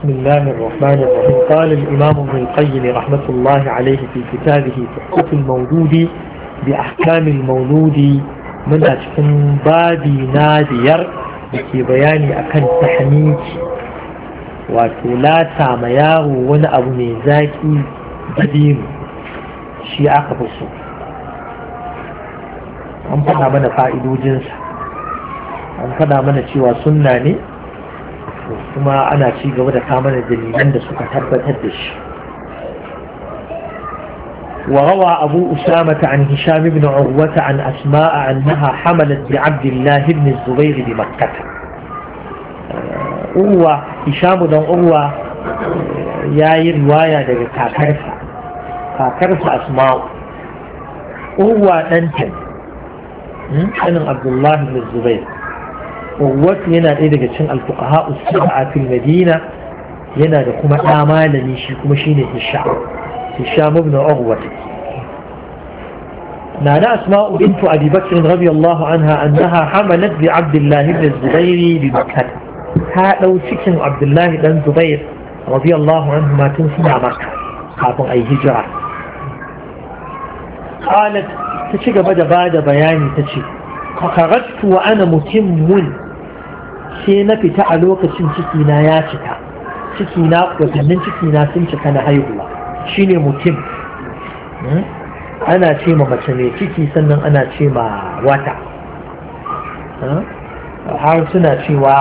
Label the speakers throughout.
Speaker 1: بسم الله الرحمن الرحيم قال الإمام ابن القيم رحمة الله عليه في كتابه تحقة المولود بأحكام المولود من أجل بادي نادير بكي بياني أكن تحميك وتولا تعمياه وانا أبو ميزاكي قديم شيء أقبصه an faɗa mana fa'idojinsa an faɗa mana cewa sunna ne kuma ana ci gaba da kamar dalilan da suka tabbatar da shi وروى أبو أسامة عن هشام بن عروة عن أسماء أنها حملت بعبد الله بن الزبير بمكة أروى هشام بن أروى يا رواية كاكرسة كاكرسة أسماء أروى أنتم أنا عبد الله بن الزبير wasu yana ɗaya daga cin alfuqaha usba'a fil madina yana da kuma ɗa malami shi kuma shine hisham hisham ibn urwa نانا أسماء بنت أبي بكر رضي الله عنها أنها حملت بعبد الله بن الزبير بمكة هذا سكن عبد الله بن الزبير رضي الله عنهما تنسنا مكة قابل أي هجرة قالت تشيك بدا بعد بياني تشيك فخرجت وأنا متم sai na fita a lokacin cikina ya cika cikina watannin cikina sun cika na haihuwa shine mutum hmm? ana ce ma mace mai ciki sannan ana ce ma wata hmm? har suna cewa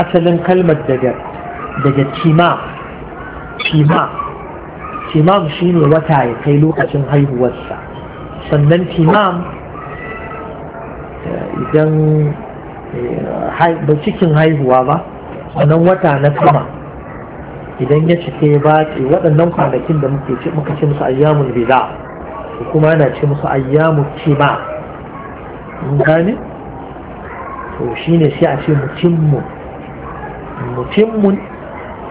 Speaker 1: asalin kalmar daga daga cima cima cimam shine wata ya kai lokacin haihuwarsa sannan cimam eh, idan cikin haihuwa ba Wannan wata na sama idan ya cike ya bace waɗannan kwanakin da muke ce muka ce musu ayyamun bida kuma yana ce musu ayyamun kima mun gane to shine sai a ce mutimmun mutimmun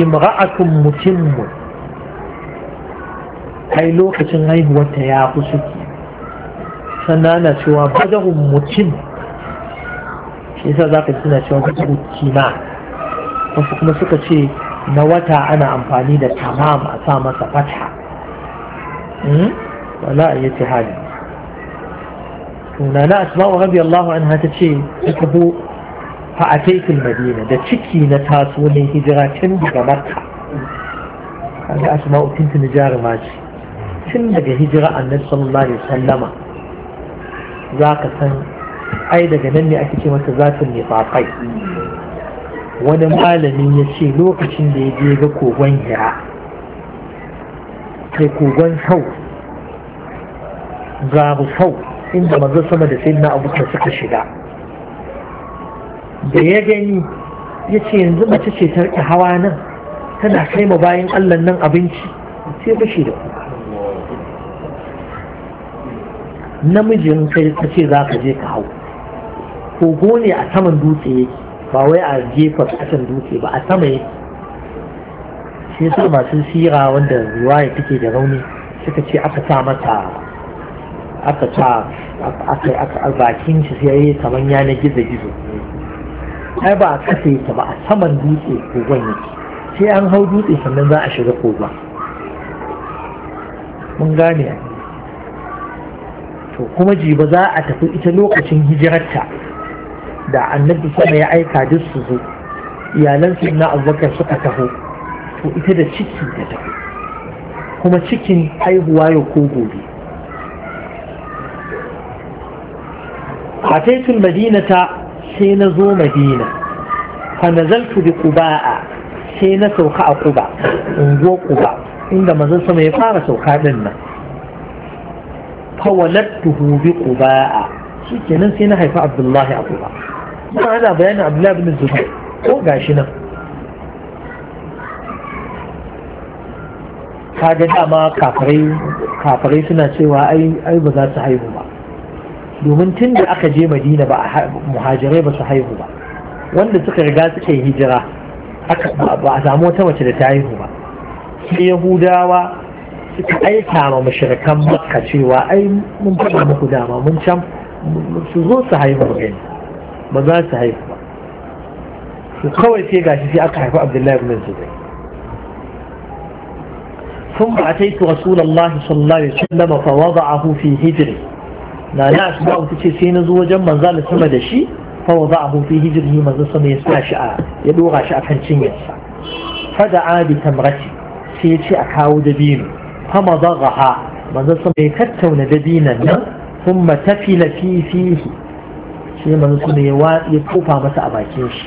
Speaker 1: imra'atun mutimmun kai lokacin haihuwarta ya fi suke sannan ana cewa bajahun mutimmun shi yasa za ka suna cewa kudu kima wasu kuma suka ce na wata ana amfani da tamam a sa masa fata hmm? wala a yace hali tunana asma'u radiyallahu an ta ce ta bu fa ataitul madina da ciki na taso ne hijira tun daga makka kaga asma'u tintin jaruma ce tun daga hijira annabi sallallahu alaihi wasallama za ka san ai daga nan ne ake ce masa zafin zatin fafai? wani malamin ya ce lokacin da ya je ga kogon hira kai kogon sau gabu sau inda manzo sama da sai na abuka suka shiga da ya gani ya ce yanzu mace ce ta rike hawa nan tana kai ma bayan allon nan abinci sai shi da ku. namijin kai ka ce za ka je ka hau kogo ne a saman dutse yake ba wai a gefen kasan dutse ba a sama yake sai yasa masu sira wanda ya take da rauni suka ce aka sa mata aka sa aka bakin shi sai yayi kamar gizo gizo ai ba a kasa yake ba a saman dutse kogon yake sai an hau dutse sannan za a shiga kogon mun gane to kuma jiba za a tafi ita lokacin hijirarta da annabi sama ya aika duk su zo iyalan su na abubakar suka taho to ita da ciki ta taho kuma cikin haihuwa ya ko gobe ataitul madinata sai na zo madina fa bi quba'a sai na sauka a kuba ungo Kuba, inda mazan sama ya fara sauka din nan fa bi quba'a shikenan sai na haifa abdullahi a Kuba. kuma ana bayanin abdullahi bin zubair ko gashi nan kaga dama kafirai suna cewa ai ba za su haihu ba domin tun da aka je madina ba muhajirai ba su haihu ba wanda suka riga suka yi hijira ba a samu wata mace da ta haihu ba sai yahudawa suka aika ma mashirkan makka cewa ai mun faɗa muku dama mun can su zo su haihu ba ba za su haifu ba su kawai sai gashi sai aka ثم أتيت رسول الله صلى الله عليه وسلم فوضعه في هجره لا لا أسمع تشيسين زوجا من ذال سمد دشي فوضعه في هجره من ذال سمى يسمع شعاء يدوغ شعاء فانشين يسمع فدعا بتمرتي سيتي أكاو دبين فمضغها من ذال سمى يكتون دبينا ثم تفل في فيه sai manzo su ne ya kofa masa a bakin shi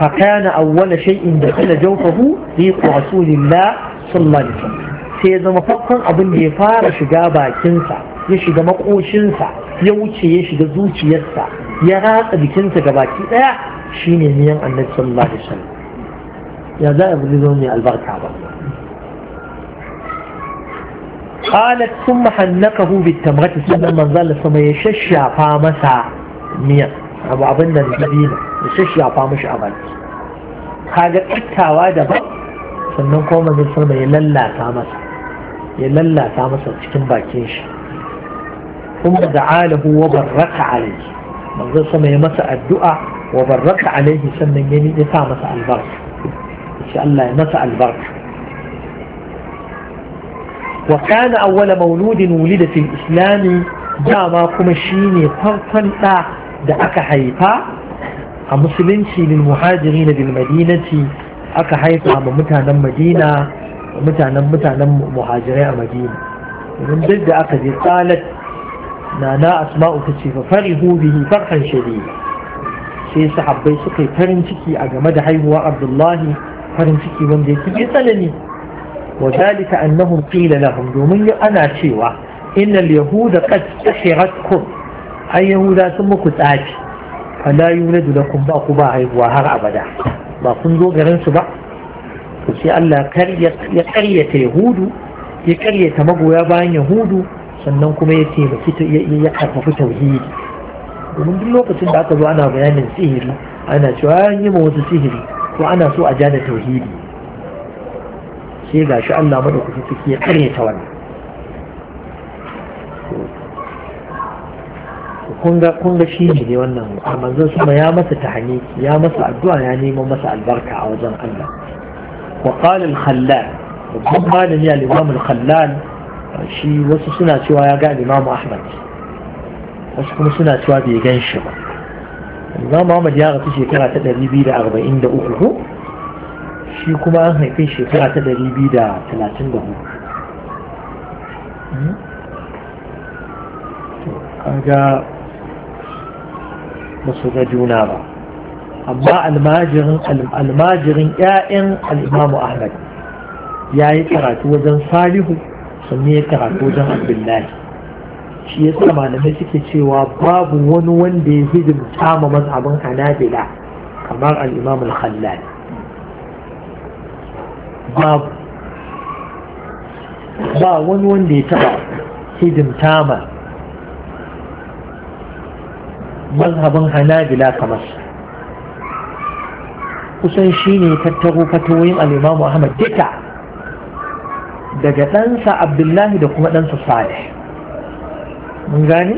Speaker 1: فكان أول شيء دخل جوفه ريق رسول الله صلى الله عليه وسلم sai zama fakon abin da ya fara shiga bakinsa ya shiga makoshinsa ya wuce ya shiga zuciyarsa ya ratsa jikinsa ga baki daya shine miyan annabi sallallahu alaihi wasallam ya za a bi mai albarka ba qalat thumma hannakahu bit tamrati sannan manzo Allah sama ya shashafa masa نيه ابو عبدنا المدينه وشيش يعطى مش عمل هذا حتى وادا با سنن قوم من سلم يللا تامس يلالا تامس تكن باكيش ثم دعا له وبرك عليه من ذي سلم يمسى الدعاء وبرك عليه سنن يلي تامس البرك ان شاء الله يمسى البرك وكان أول مولود ولد في الإسلام جاء ما كمشيني فرطا da aka haifa a musulunci lil muhajiri na bil aka haifa ma mutanen madina mutanen mutanen muhajirai a madina domin duk da aka je tsalat na na asma'u ta ce fari bihi sai sahabbai suka yi farin ciki a game da haihuwa abdullahi farin ciki wanda yake mai tsanani وذلك أنهم قيل لهم domin أنا شيوا إن اليهود قد سحرتكم ai yahuda sun muku tsafi fala yuladu lakum ba ku ba haihuwa har abada ba kun zo garin su ba to sai Allah ya karyata yahudu ya karyata magoya bayan yahudu sannan kuma ya taimaki ya karfafi tauhidi domin duk lokacin da aka zo ana bayanin sihiri ana cewa an yi ma wasu sihiri ko ana so a ja da tauhidi sai gashi Allah madaukaki ya karyata wannan kun ga shi ne wannan a manzon sama ya masa tahani ya masa addu'a ya nemo masa albarka a wajen Allah wa qala al-khallal babban malami al-imam khallal shi wasu suna cewa ya ga Limamu ahmad wasu kuma suna cewa bai gan shi ba imam ahmad ya rasu shekara ta 243 shi kuma an haifi shekara ta 234 hmm? kaga Musu su ga juna ba amma almajirin almajirin ƴaƴan al'imamu ahmad ya yi karatu wajen salihu sannan ya karatu wajen abdullahi shi ya sa malamai suke cewa babu wani wanda ya hidimta ma mazhabin hanabila kamar al'imam al-khallal babu ba wani wanda ya taba hidimta ma mazhabin hanabila kamar kusan shi ne tattaro fatoyin al'imamu ahmad duka daga ɗansa abdullahi da kuma ɗansa salih mun gane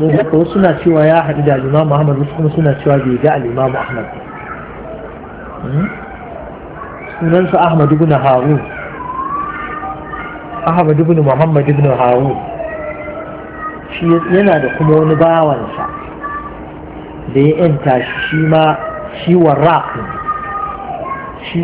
Speaker 1: zai haka wasu suna cewa ya haɗu da al'imamu ahmad wasu kuma suna cewa bai ga al'imamu ahmad hmm? sunansu ahmad ibn Haru ahmad ibn muhammad ibn Haru shi yana da kuma wani bawansa da ya yanta shi ma ciwon ra'in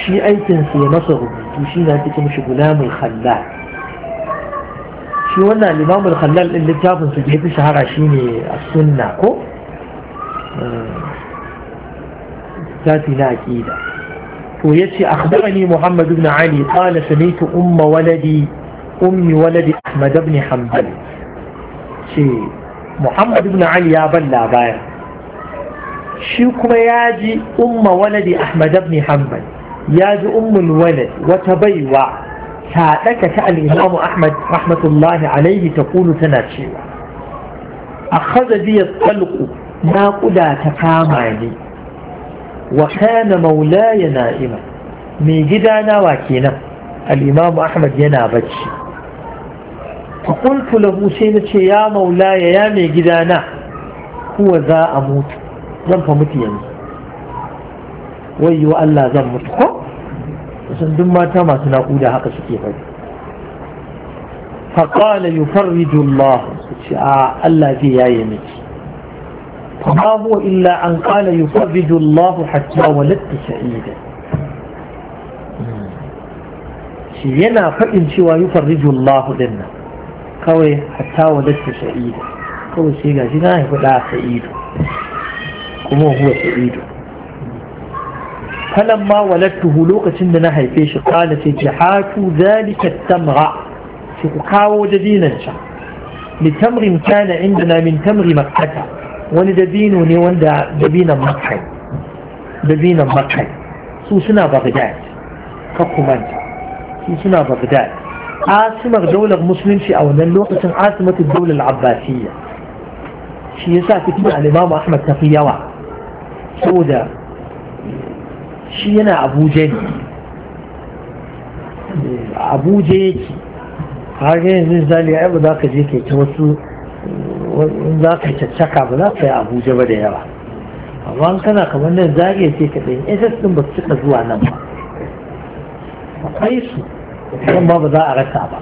Speaker 1: shi aikinsa ya masa rubutu shi na cikin shi mai khallal shi wannan limamul khallal ɗin littafinsa da ya fi shahara shi ne a sunna ko ذاتي لا أكيدة ويتي أخبرني محمد بن علي قال سميت أم ولدي ummi waladi أحمد بن حنبل ce Muhammadu bin Ali ya ban labarin. shi kuma ya ji umma waladi ahmad ibn hanbal ya ji ummul walad wata baiwa sadaka ta al-imam ahmad rahmatullahi alaihi Kulu, tana cewa akhadha bi al na naquda ta kama ni wa kana maulaya na'ima mai gidana wa kenan al-imam ahmad yana bacci ce ya سيدتي mai gida na kuwa za a mutu. zan fa mutu yanzu wai wa Allah zan mutu ko kusan duk mata masu naƙuda haka suke faɗi faƙala yi faridullah su ce a Allah zai yaye miki ma huwa illa an ƙala yi faridullah hatta walatta sha'ida yana faɗin cewa yi faridullah din nan kawai hatta walatta sha'ida kawai sai na haifi ɗa kuma huwa sa'idu falamma walattuhu lokacin da na haife shi kana ce ki hatu zalika tamra ki ku kawo dabinan can li tamrin kana indana min tamri makkata wani dabino ne wanda dabinan makka dabinan makka su suna bagdad ka kumanta su suna bagdad asimar daular musulunci a wannan lokacin asimatu daular abbasiyya shi yasa fitina al-imamu ahmad tafi yawa saboda shi yana abuja ne abuja yake har yanzu zali ya ba za ka je kai ta wasu za ka caccaka ba za ka yi abuja ba da yawa amma an kana kamar nan zage ce ka ɗin eh, ss ɗin ba su cika zuwa nan ba akwai su nan ba ba za a rasa ba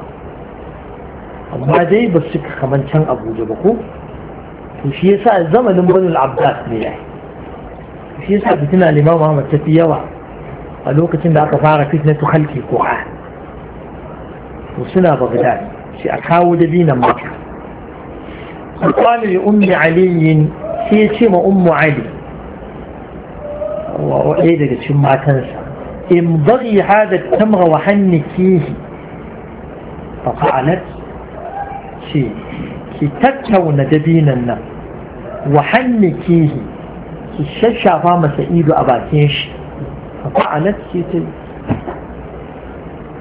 Speaker 1: amma dai ba su cika kamar can abuja ba ko to shi yasa zamanin banul abbas ne ya yi شيء سبب تنا لما ما ما تتيوا قالوا كتن ده تفارة كتنة تخلكي كوها وسنا بغداد شيء أتحاول بينا ما قال لأم علي شيء شيء ما أم علي وإيدا قد شو ما تنسى امضغي هذا التمغ وحنكيه فقالت شيء كتتون دبينا وحنكيه su shashafa masa ido a bakin shi Akwai fa'alat ce ta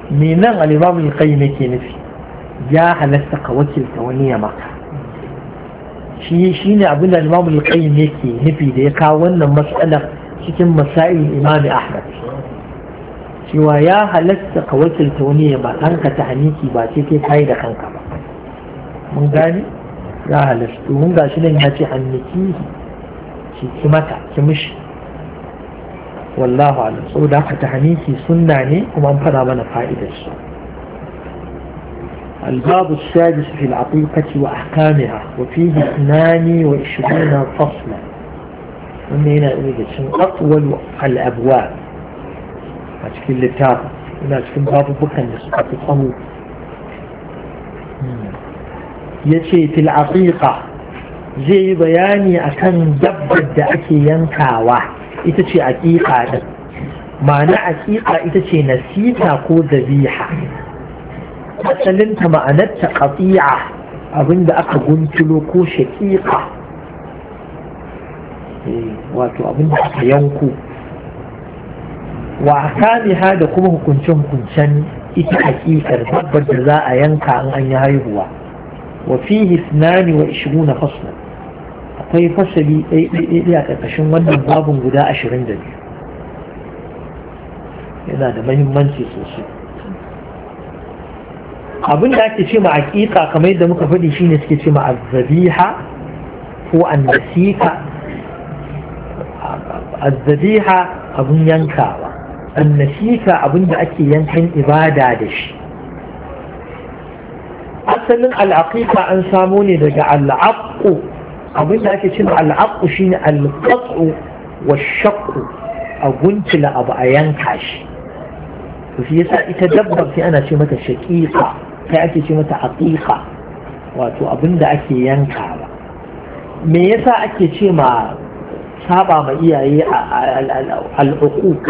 Speaker 1: me nan alimamun kai nake nufi ya halasta ka wakilta wani ya maka shi shi ne abin da alimamun kai yake nufi da ya kawo wannan matsalar cikin masa'il imami ahmad cewa ya halasta ka wakilta wani ya ba kanka ta haniki ba ce kai kai da kanka ba mun gane ya halasta mun gashi nan ya ce haniki ki mata ki mishi wallahu alam saboda haka tahaniki sunna ne kuma an fada mana fa'idar su الباب السادس في العقيقة وأحكامها وفيه اثنان وعشرون فصلا ومن هنا أطول الأبواب a cikin littafin ina cikin babubukan da suka fi tsawo ya ce fil aqiqa zai yi bayani a kan dabbar da ake yankawa ita ce aƙiƙa ɗin ma'ana aƙiƙa ita ce nasita ko zabiha asalinta ma'anarta ƙafi'a abinda aka guntulo ko shaƙiƙa eh, wato da aka yanko wa ha da kuma hukunce-hukuncen ita haƙiƙar dabbar da za a yanka in an yi haihuwa وفيه na فصلا akwai fasali ɗaiɗaiɗai a ƙarƙashin wannan babin guda ashirin da biyu yana da mahimmanci sosai abin da ake ce ma aƙiƙa kamar yadda muka faɗi shine suke ce ma azzabiha ko annasika azzabiha abin yankawa annasika abin da ake yankan ibada da shi asalin al'aƙiƙa an samo ne daga al'aƙo أظن لك شنو العطق شين القطع والشق أظن تلا أبا ينكش وفي يسا يتدبر في أنا شمة شكيقة فأتي شمة عطيقة واتو أظن لك ينكش me yasa ake ce ma saba ma iyaye al'uquq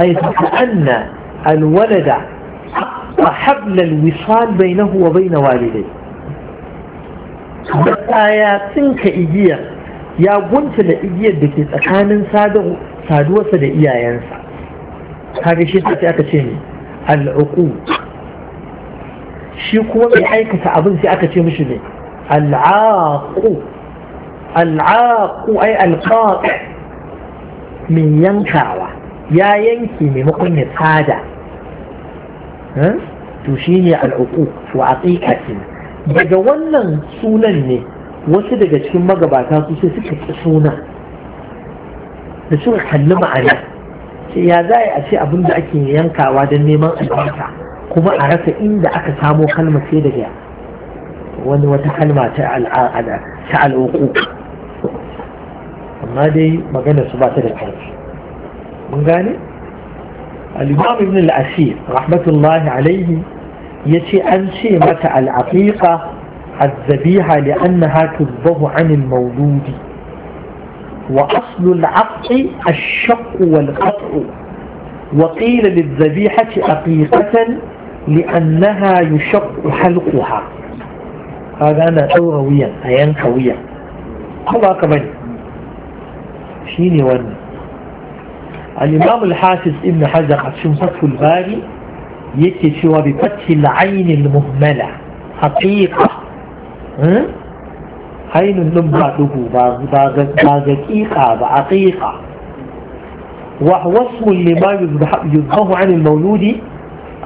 Speaker 1: ay ta anna al-walada hablal wisal bainahu da sun ka igiya ya da igiyar da ke tsakanin saduwarsa da iyayensa kaga shi ta aka ce ne al'uku shi kuma mai aikata abin sai aka ce mishi ne al'aku al'aku ai alqaq min yankawa ya yanki maimakon ya tsada hm? to shi ne al'uku wa aqiqatin daga wannan sunan ne wasu daga cikin magabata su sai suka ci suna da suka kalli ma'ana sai ya za a ce abin da ake yankawa don neman albarka kuma a rasa inda aka samo kalma sai daga wani wata kalma ta al'uku amma dai magana su ba ta da karfi. mun gane al-imam ibn al-asir rahmatullahi alaihi يتي أنشي متى العقيقة الذبيحة لأنها تذبه عن المولود وأصل العقل الشق والقطع وقيل للذبيحة عقيقة لأنها يشق حلقها هذا أنا أورويا أيان قويا الله كمان شيني وان الإمام الحاسس إن حجر عشان الباري يكتشي وبفتح العين المهملة حقيقة ها؟ عين النمبع دهو بغكيقة بحقيقة وهو اسم لما يذبه عن المولود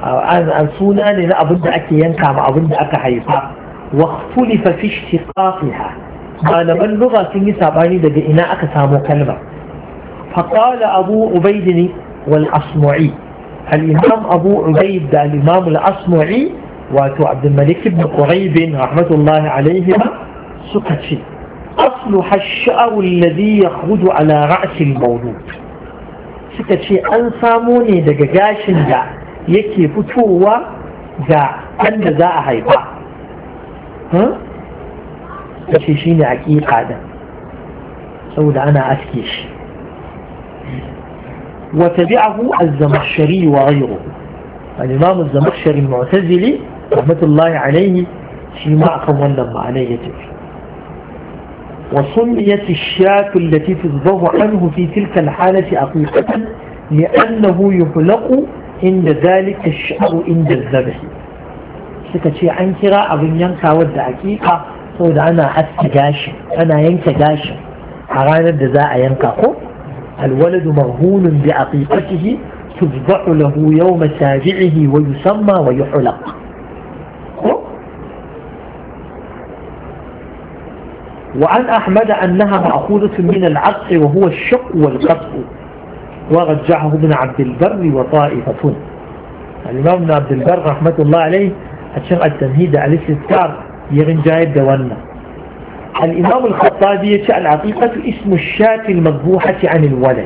Speaker 1: عن سونا لنا أظن أك ينكع مع أظن أك حيطة واختلف في اشتقاقها أنا من لغة النساء باني دقي إناء كلمة فقال أبو عبيد والأصمعي الإمام أبو عبيد الإمام الأصمعي واتو عبد الملك بن قريب رحمة الله عليهما سكتي أصلح الشعر الذي يخرج على رأس المولود أن ساموني دقاقاش دا يكي فتوة دا أن دا هيبا ها؟ تشيشيني عقيقة هذا سود أنا أسكيش وتبعه الزمخشري وغيره الإمام الزمخشري المعتزلي رحمة الله عليه في شيما كونا معنى وصميت الشاة التي تذبح عنه في تلك الحالة أقيقة لأنه يحلق عند ذلك الشعر عند الذبح ستكي ce an kira abin yankawar da hakika saboda ana haska gashi ana yanke gashi a ranar الولد مرهون بعقيقته تفضع له يوم سابعه ويسمى ويحلق وعن أحمد أنها مأخوذة من العق وهو الشق والقطع ورجعه ابن عبد البر وطائفة الإمام ابن عبد البر رحمة الله عليه أشغل التمهيد على الاستذكار يغن جايب دوانا الإمام الخطابي يتي عقيقة اسم الشاة المذبوحة عن الولد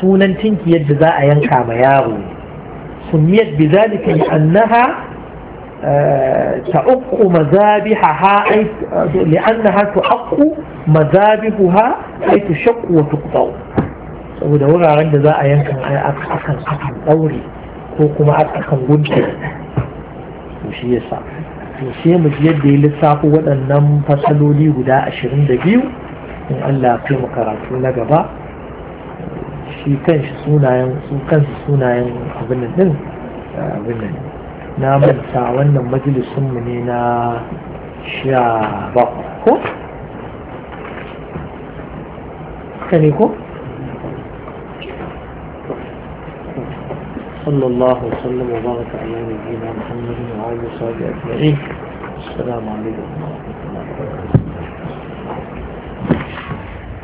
Speaker 1: سونا تنكي يجزاء ينكع مياغو سميت بذلك لأنها آه، تأق مذابحها لأنها تأق مذابحها أي تشق وتقطع saboda wuraren da ذا a yankan akan akan ɗaure ko kuma قنشة وشي to to sai mu yadda ya lissafo waɗannan fasaloli guda ashirin da in Allah kai mu karatu na gaba shi shi sunayen su kansu sunayen abin nan din abin nan na manta wannan majalisun mu ne na sha ko? Kane ko? صلى الله وسلم وبارك على نبينا محمد وعلى اله وصحبه اجمعين السلام عليكم